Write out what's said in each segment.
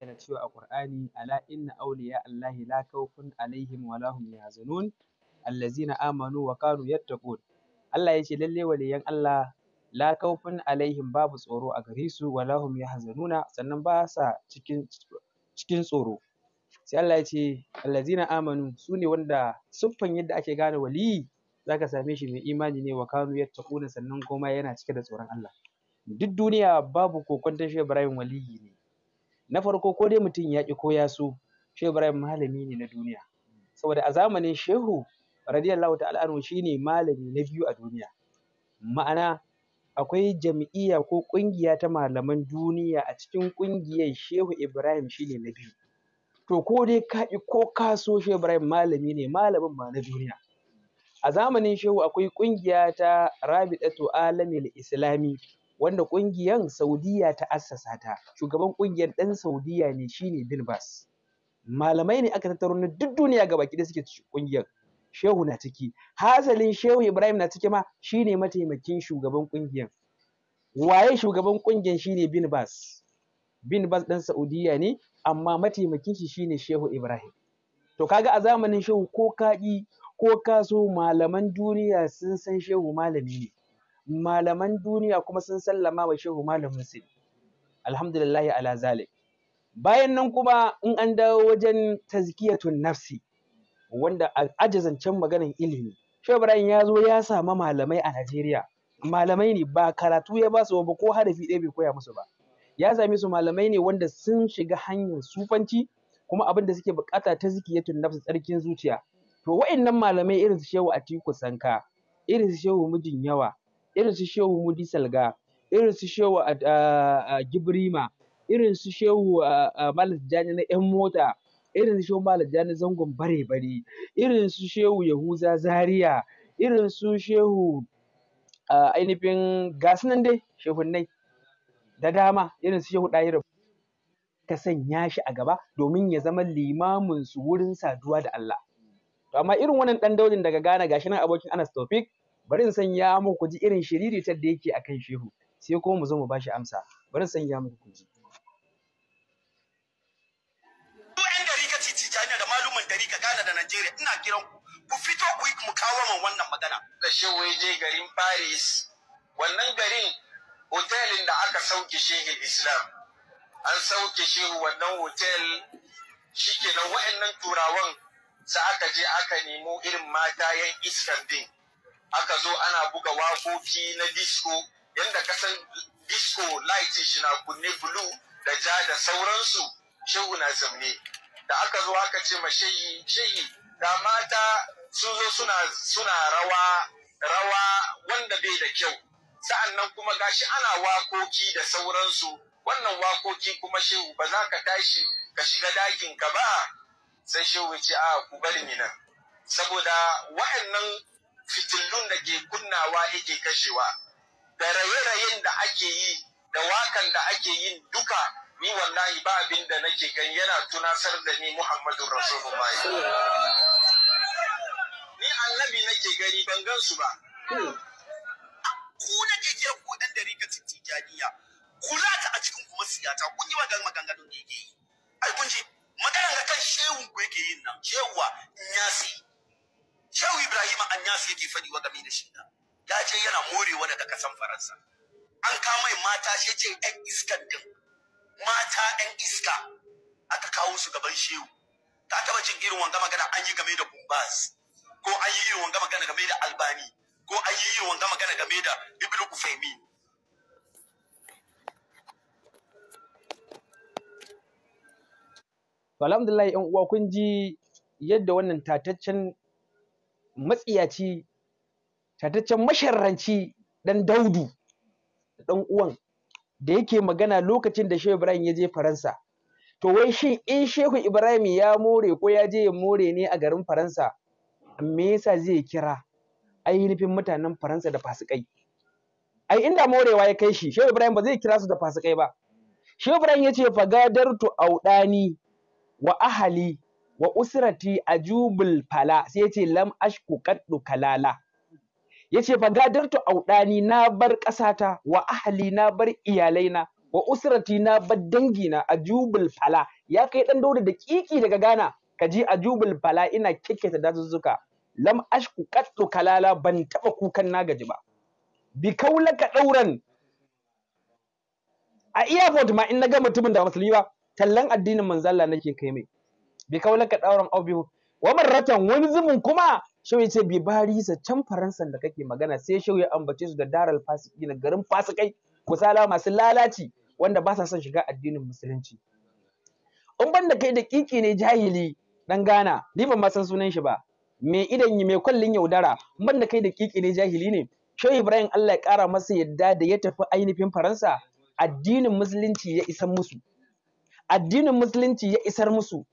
yana cewa a Kur'ani, ala inna awliya Allahi la khawfun alaihim wa hum yahzanun allazina amanu wa kanu yattaqun Allah yace lalle waliyan Allah la khawfun alaihim babu tsoro a gare su wa hum yahzanuna sannan ba sa cikin cikin tsoro sai Allah yace allazina amanu sune wanda siffan yadda ake gane waliyi zaka same shi mai imani ne wa kanu yattaquna sannan kuma yana cike da tsoron Allah duk duniya babu kokon shi Ibrahim waliyi ne na farko ko dai mutum ya ƙi ko ya so shehu ibrahim malami ne na duniya saboda a zamanin shehu radiyallahu ta'ala anhu shine malami na biyu a duniya ma'ana akwai jam'iyya ko ƙungiya ta malaman duniya a cikin ƙungiyar shehu ibrahim shine na biyu to ko dai ka ƙi ko ka so shehu ibrahim malami ne malamin ma na duniya a zamanin shehu akwai ƙungiya ta rabi'atu alamil islami wanda ƙungiyan Saudiyya ta assasa ta shugaban ƙungiyar ɗan Saudiyya ne shine bin Bas malamai ne aka tattaro na duk duniya ga baki da suke ƙungiyar shehu na ciki hasalin shehu Ibrahim na ciki ma shine mataimakin shugaban ƙungiyan. waye shugaban ƙungiyar shine bin Bas bin Bas ɗan Saudiyya ne amma mataimakin shi shine shehu Ibrahim to kaga a zamanin shehu ko kaƙi ko ka malaman duniya sun san shehu malami ne malaman duniya kuma sun sallama wa shehu malamin su alhamdulillahi ala zalik bayan nan kuma in an dawo wajen tazkiyatun nafsi wanda ajazancen maganan ilimi shehu ibrahim ya zo ya samu malamai a najeriya malamai ne ba karatu ya ba su ba ko harafi ɗaya bai koya musu ba ya same su malamai ne wanda sun shiga hanyar sufanci kuma abin da suke bukata ta zikiyatun nafsi tsarkin zuciya to wa'annan malamai irin su shehu atiku sanka irin su shehu mijin yawa irin su shehu mudi salga irin su shehu ah, ah, gibrima irin su shehu ah, malam jani na yan mota irin su shehu malam jani zangon bare bare irin su shehu yahuza zaria irin su shehu ainihin gasunan dai shehunnai da dama irin su shehu ɗahirar ka sanya shi a gaba domin ya zama limamin su wurin saduwa da Allah. To amma irin wannan ɗan daudin daga Ghana gashi nan abokin Anas Tofik bari in sanya muku ji irin shiriritar da yake akan shehu sai ko mu zo mu bashi amsa bari in sanya muku ku ji jami'a da malumin dari ka Ghana da Najeriya ina kiran ku ku fito ku yi mu kawo wannan magana. Da shehu ya je garin Paris wannan garin hotelin da aka sauke shehu Islam an sauke shehu wannan hotel shikenan wa'annan turawan sa aka je aka nemo irin mata yan iskan din aka zo ana buga waƙoƙi na disco yadda kasan disco light shi na kunne blue da ja da sauransu shehu na zamne da aka zo aka ce ma shehi shehi da mata sun zo suna suna rawa rawa wanda bai da kyau sa'annan kuma gashi ana wakoki da sauransu wannan wakoki kuma shehu ba za ka tashi ka shiga dakin ka ba sai shehu ya ce a ku bari ni nan saboda wa'annan fitullun da ke kunnawa yake kashewa da raye-rayen da ake yi da wakan da ake yin duka ni wallahi ba abin da nake gani yana tunasar da ni Muhammadu Rasulullahi ni annabi nake gani ban gan su ba ku na ke kira ku dan dari ka tijaniya ku ta a cikin kuma siyata kun yi wa maganganun da yake yi ai kun ji maganar da kan shehu ku yake yin nan shewa yake faɗi wa game da shi na ya ce yana morewa daga kasan faransa an kama mata shi ce yan iskar din mata yan iska aka kawo su gaban shehu ka taba jin irin wanga magana an yi game da bumbas ko an yi irin wanga magana game da albani ko an yi irin wanga magana game da ibnu ufaimi alhamdulillah yan uwa kun ji yadda wannan tataccen matsiyaci tataccen masharranci dan daudu dan uwan da yake magana lokacin da shehu ibrahim ya je faransa to wai shin in shehu ibrahim ya more ko ya je ya more ne a garin faransa me yasa zai kira ainihin mutanen faransa da fasikai ai inda morewa ya kai shi shehu ibrahim ba zai kira su da fasikai ba shehu ibrahim ya ce tu audani wa ahali wa usrati ajubul fala sai ya ce lam ashku kaddu kalala Ya yace fa gadartu audani na bar ƙasata wa ahali na bar iyalaina wa usrati na bar dangina jubul fala ya kai ɗan dauda da kiki daga Gana, ji a jubul fala ina kikketa dazuzzuka lam ashku qattu kalala ban taba kukan na gaji ba bi kaulaka dauran a airport ma in naga mutumin da musulmi ba tallan addinin Manzala nake kai mai bi kaulaka dauran abu wa marratan wani zumun kuma Shehu ce bi barisa can Faransan da kake magana sai Shehu ya ambace su da daral fasiki na garin fasikai misala masu lalaci wanda ba sa son shiga addinin musulunci. In banda kai da kiki ne jahili dan gana ni ban ma san sunan shi ba. Me idan yi me kwallin yaudara in banda kai da kiki ne jahili ne. Shehu Ibrahim Allah ya kara masa yadda da ya tafi ainihin Faransa addinin musulunci ya isar musu. Addinin musulunci ya isar musu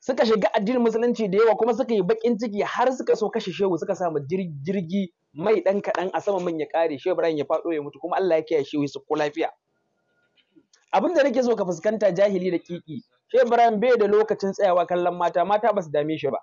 suka shiga addinin musulunci da yawa kuma suka yi bakin ciki har suka so kashe shehu suka samu jirgi mai dan kaɗan a sama man ya kare shehu Ibrahim ya faɗo ya mutu kuma Allah ya kiyaye shehu su ko lafiya abin da nake so ka fuskanta jahili da kiki shehu Ibrahim bai da lokacin tsayawa kallon mata mata ba su dame shi ba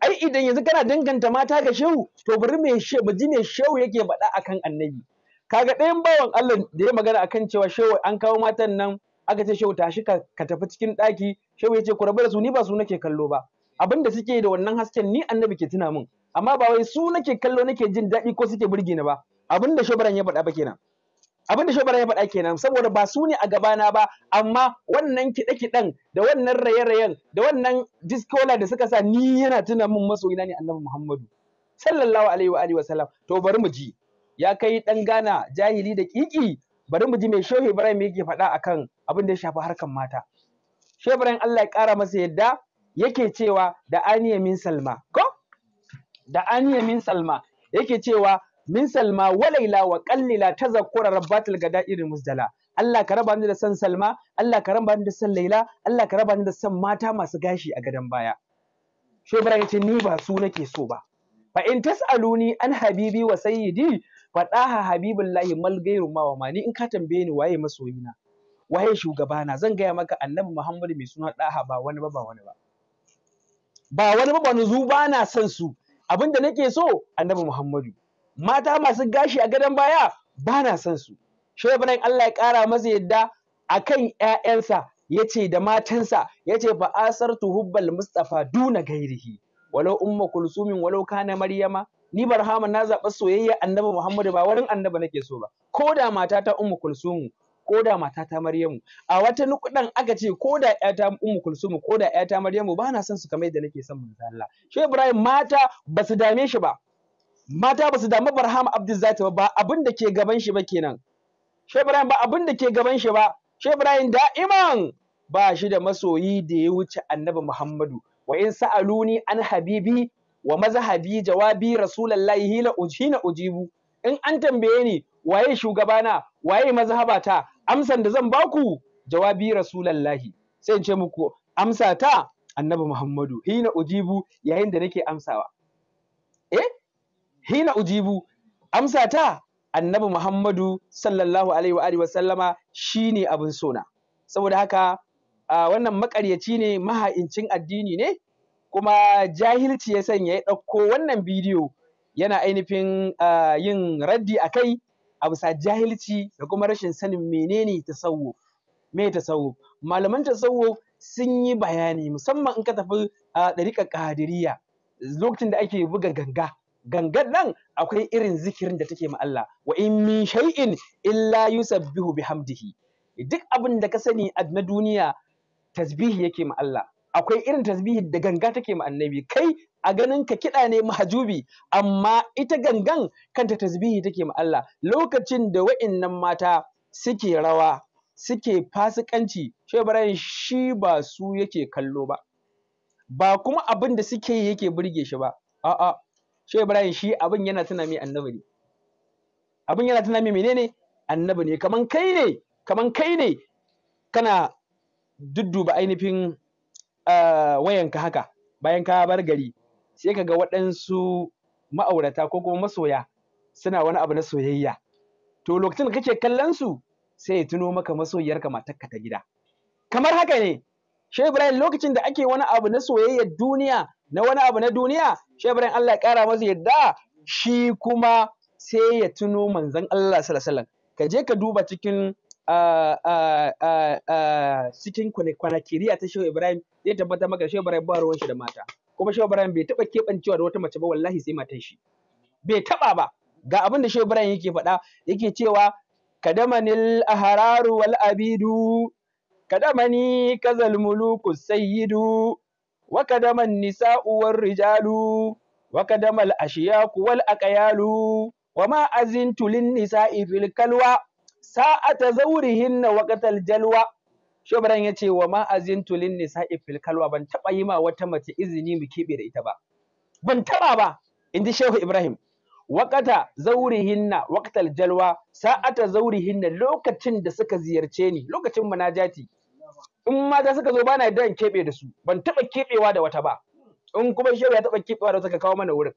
ai idan yanzu kana danganta mata ga shehu to bari me shehu mu ji shehu yake faɗa akan annabi kaga ɗayan bawan Allah da ya magana akan cewa shehu an kawo matan nan aka ce shehu tashi ka tafi cikin ɗaki shehu ya ce ku rabu da su ni ba su nake kallo ba abin da suke da wannan hasken ni annabi ke tuna min amma ba wai su nake kallo nake jin daɗi ko suke burge ni ba abin da shobaran ya faɗa ba kenan abin da shobaran ya faɗa kenan saboda ba su ne a gabana ba amma wannan kiɗe-kiɗen da wannan raye-rayen da wannan diskola da suka sa ni yana tuna min masoyina ne annabi muhammadu sallallahu alaihi wa alihi wa sallam to bari mu ji ya kai dan gana jahili da kiki bari mu ji mai Shehu Ibrahim yake faɗa akan abin da ya shafi harkan mata Shehu Ibrahim Allah ya ƙara masa yadda yake cewa da aniya min salma ko da aniya min salma yake cewa min salma walaila wa qallila tazakkura rabbatul gada'ir musdala Allah ka raba ni da san salma Allah ka raba ni da san laila Allah ka raba ni da san mata masu gashi a gadon baya Shehu Ibrahim ya ce ni ba su nake so ba fa in tasaluni an habibi wa sayyidi faɗaha habibullahi mal gairu ma wa mani in ka tambaye ni waye masoyina waye shugabana zan gaya maka annabi muhammadu mai suna ɗaha ba wani ba ba wani ba ba wani ba wani zuba na son su abinda nake so annabi muhammadu mata masu gashi a gadon baya ba na son su shehu allah ya kara masa yadda akan ƴaƴansa yace da matansa yace fa asartu hubbal mustafa duna gairihi walau umma kulsumin walau kana maryama ni barhama na zaɓa soyayya annabi muhammadu ba wurin annabi nake so ba ko da ta ummu kulsumu ko da ta maryamu a wata nukudan aka ce ko da ƴata ummu kulsumu ko da ƴata maryamu ba na son su kamar yadda nake son manzo Allah shi ibrahim mata ba su dame shi ba mata ba su damu barhama abdul ba ba abin da ke gaban shi ba kenan shi ibrahim ba abin da ke gaban shi ba shi ibrahim da'iman ba shi da masoyi da ya wuce annabi muhammadu wa in sa'aluni an habibi wa mazhabi jawabi rasulullahi hina ujina ujibu in an tambaye ni waye shugabana waye mazhabata amsan da zan baku jawabi rasulullahi sai in ce muku amsa ta annabi muhammadu hina ujibu yayin da nake amsawa eh hina ujibu amsa ta annabi muhammadu sallallahu alaihi wa alihi sallama shine abin sona saboda haka wannan makaryaci ne maha'incin addini ne kuma jahilci ya sanya ya ɗauko wannan bidiyo yana ainihin yin raddi a kai a bisa jahilci da kuma rashin sanin menene tasawuf me tasawuf malaman tasawuf sun yi bayani musamman in ka tafi a ɗariƙar ƙadiriya lokacin da ake buga ganga gangan nan akwai irin zikirin da take ma Allah wa in min shay'in illa yusabbihu bihamdihi duk abin da ka sani na duniya tasbihi yake ma Allah akwai irin tasbihi da ganga take ma annabi kai a ganin ka kiɗa ne mahajubi amma ita gangan kanta tasbihi take ma Allah lokacin da wa'innan mata suke rawa suke fasikanci shi shi ba su yake kallo ba ba kuma abin da suke yi yake burge shi ba a'a shi shi abin yana tuna mai annabi ne abin yana tuna mai menene annabi ne kaman kai ne kaman kai ne kana dudduba ainihin wayanka haka bayan ka bar gari sai ka ga waɗansu ma'aurata ko kuma masoya suna wani abu na soyayya to lokacin da kake kallon su sai ya tuno maka masoyiyarka matarka ta gida kamar haka ne shai Ibrahim lokacin da ake wani abu na soyayyar duniya na wani abu na duniya shai Ibrahim Allah ya kara masa yadda shi kuma sai ya tuno manzon Allah sallallahu alaihi ka je ka duba cikin cikin kwanakiriya ta shai Ibrahim zai tabbatar maka shehu Ibrahim ba ruwan shi da mata kuma shehu Ibrahim bai taba kebancewa da wata mace ba wallahi sai matan shi bai taba ba ga abin da shehu Ibrahim yake faɗa yake cewa kadamanil ahararu wal abidu kadamani kazal muluku sayyidu wa kadaman nisa'u war rijalu wa kadamal ashiyaku wal aqyalu wa ma azintu lin nisa'i fil kalwa sa'ata zawrihinna qatal jalwa Shobran ya ce wa ma azintu lin nisa'i fil kalwa ban taba yi ma wata mace izini mu kebe da ita ba. Ban taba ba inji Shehu Ibrahim. Wakata zaurihinna waqtal jalwa sa'ata hinna lokacin da suka ziyarce ni lokacin munajati. In mata suka zo bana yadda in kebe da su ban taba kebewa da wata ba. In kuma Shehu ya taba kebewa da wata ka kawo mana wurin.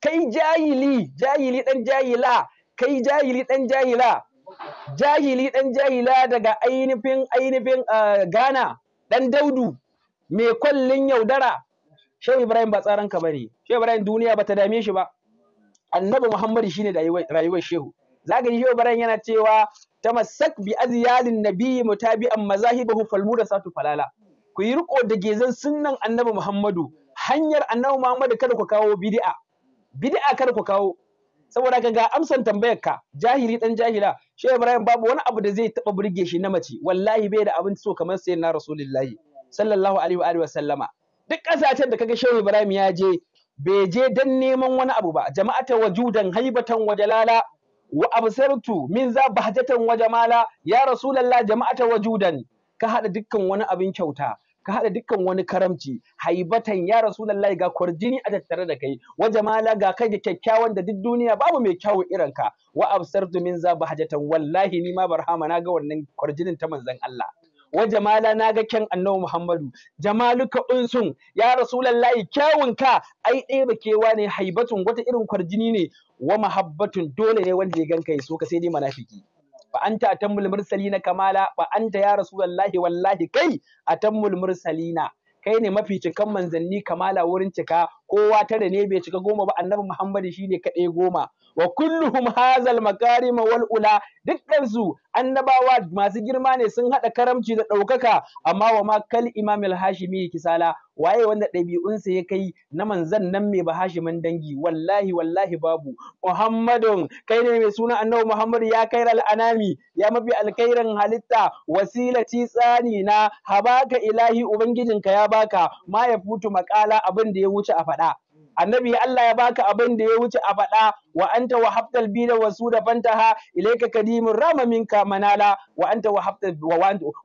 Kai jahili jahili dan jahila kai jahili dan jahila jahili ɗan jahila daga ainihin ainihin Ghana ɗan daudu mai kwallin yaudara Shehu Ibrahim ba tsaranka ba ne Shehu Ibrahim duniya ba dame shi ba annabi Muhammadu shine rayuwar Shehu zaka ji Shehu Ibrahim yana cewa tamassak bi aziyalin nabiyyi mutabi'an mazahibahu falmurasatu falala ku yi riko da gezan sunnan annabi Muhammadu hanyar annabi Muhammadu kada ku kawo bid'a bid'a kada ku kawo saboda ka ga amsan tambayar ka jahili dan jahila shi Ibrahim babu wani abu da zai taba burge shi na mace wallahi bai da abin so kamar sai na Rasulullahi sallallahu alaihi wa alihi wasallama. duk kasashen da kaga Shehu Ibrahim ya je bai je dan neman wani abu ba jama'ata wajudan haibatan wa jalala wa absartu min za bahjatan wa jamala ya rasulullah jama'ata wajudan ka hada dukkan wani abin kyauta ka haɗa dukkan wani karamci haibatan ya rasulullahi ga kwarjini a tattare da kai wa jamala ga kai da kyakkyawan da duk duniya babu mai kyawu irin ka wa absartu min za hajjatan wallahi ni ma barhama na ga wannan kwarjinin ta manzon Allah wa jamala na ga kyan annabi Muhammadu jamaluka unsun ya rasulullahi kyawun ka ai ɗaya ba kewa ne haibatun wata irin kwarjini ne wa mahabbatun dole ne wanda ya ganka ya so ka sai dai manafiki. fa anta atammul mursalina kamala fa anta ya rasulullahi wallahi kai atammul mursalina kai ne mafi cikan manzanni kamala wurin cika kowa tare ne bai cika goma ba annabi muhammadu shine kaɗai goma wa kulluhum hazal makarim wal ula dukkan annabawa masu girma ne sun hada karamci da ɗaukaka amma wa ma kal imam al hashimi kisala waye wanda ɗabi'unsa ya kai na manzan nan mai bahashimin dangi wallahi wallahi babu muhammadun kai ne mai suna annabi Muhammadu ya kai al'anami ya mafi alkhairin halitta wasilati tsani na habaka ilahi ubangijinka ya baka ma ya futu makala abin da ya wuce a faɗa annabi Allah ya baka abin da ya wuce a faɗa wa anta wa haftal bi da wasu da fantaha ilayka kadimin rama minka manala wa anta wa haftal wa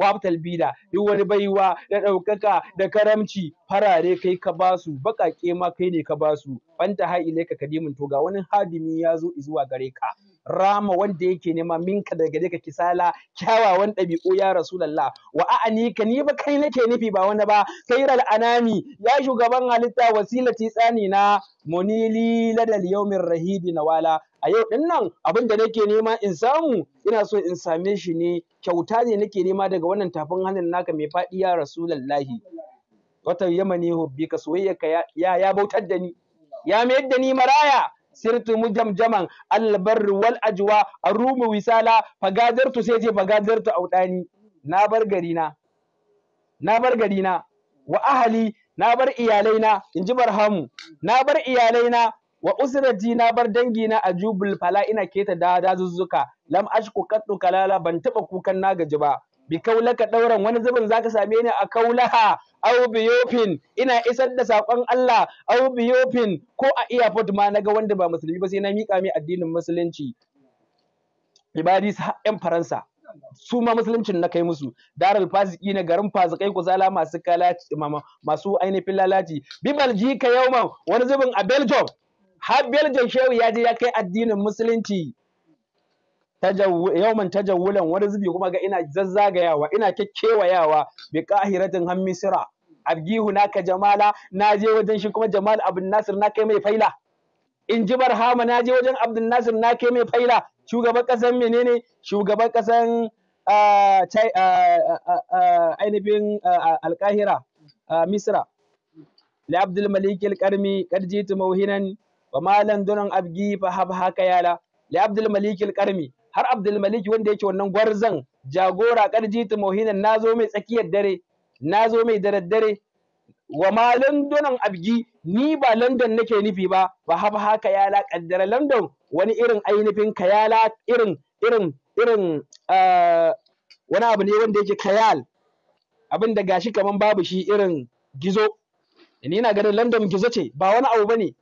haftal da duk wani baiwa da ɗaukaka da karamci farare kai ka basu baƙaƙe ma kai ne ka basu fantaha ilayka kadimun to ga wani hadimi ya zo zuwa gare ka rama wanda yake nema minka daga gare ka kisala kyawawan ɗabi'u ya rasulullah wa a'ani ka ni ba kai nake nufi ba wani ba kairal anami ya shugaban halitta wasilati tsani na munili ladal yawmin rahibi nawala a yau din nan abin da nake nema in samu ina so in same shi ne kyauta ne nake nema daga wannan tafin hannun naka mai faɗi ya rasulallahi wata yamani hubbi ka ya ya bautar da ni ya mayar da ni maraya sirtu mujamjaman albar wal ajwa rumu wisala fagadartu sai ce fagadartu audani na bar gari na na bar gari na wa ahali na bar iyalai na inji barhamu na bar iyalai na wa usrati na bar dangi na ajubul fala ina keta da dazuzzuka lam ashku qattu kalala ban taba kukan na gaji ba bi kaulaka dauran wani zubin zaka same ni a kaulaha au biyofin ina isar da sakon Allah au biyofin ko a airport ma naga wanda ba musulmi ba sai na mika mai addinin musulunci ibadi ƴan faransa su ma musuluncin na kai musu daral fasiki na garin fasikai kusala masu kalaci masu ainihin lalaci bibal jika yauman wani zubin a belgium har belgium shehu ya je ya kai addinin musulunci yawman tajawulan wani zubi kuma ga ina zazzagayawa ina kekkewayawa bi qahiratin ham misra abgihu naka jamala na je wajen shi kuma jamal abin nasir na kai mai faila in ji barhama je wajen abdul nasir na kai mai faila shugaban kasan menene shugaban kasan ainihin alkahira misra li abdul malik alkarmi karjitu mauhinan wa malan dunan abgi fa hab haka yala li abdul malik alkarmi har Abdulmalik wanda yake wannan gwarzan jagora ta muhinan nazo mai tsakiyar dare nazo mai daraddare wa ma Londonan abgi ni ba London nake nufi ba ba haba haka yala kaddara London wani irin ainihin kayala irin irin irin eh, wani abu ne wanda yake kayal abin da gashi kaman babu shi irin gizo ni ina ganin London gizo ce ba wani abu bane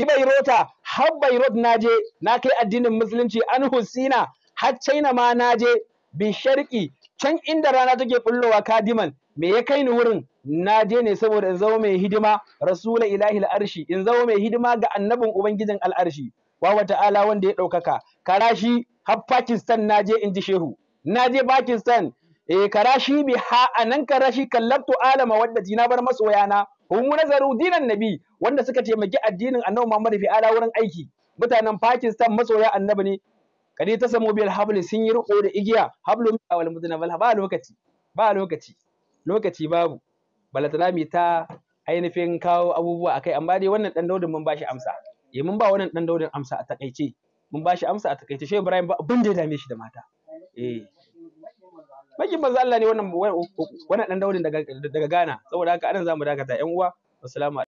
rota, har Bairot na je, na kai addinin Musulunci an Husina, har na ma na je bin sharqi can inda rana take bullowa kadiman me ya kai ni wurin na je ne saboda in zama mai hidima rasula ilahil arshi in zama mai hidima ga annabin ubangijin al'arshi wa ta'ala wanda ya ɗaukaka karashi har pakistan na je in shehu na je pakistan eh karashi bi ha anan karashi kallatu alama wadda jina bar masoyana hum nazaru dinan nabi wanda suka taimaki addinin annabi Muhammad fi ala wurin aiki mutanen Pakistan masoya annabi ne kadi ta samu bil habli sun yi riko da igiya hablin awal mudna bal ba lokaci ba lokaci lokaci babu balatalami ta ainihin kawo abubuwa akai amma dai wannan dan daudin mun bashi amsa eh mun ba wannan dan daudin amsa a takaice mun bashi amsa a takaice shehu ibrahim ba abin da ya dame shi da mata eh bakin manzo Allah ne wannan wannan dan daudin daga daga Ghana saboda haka anan zamu dakata ƴan uwa assalamu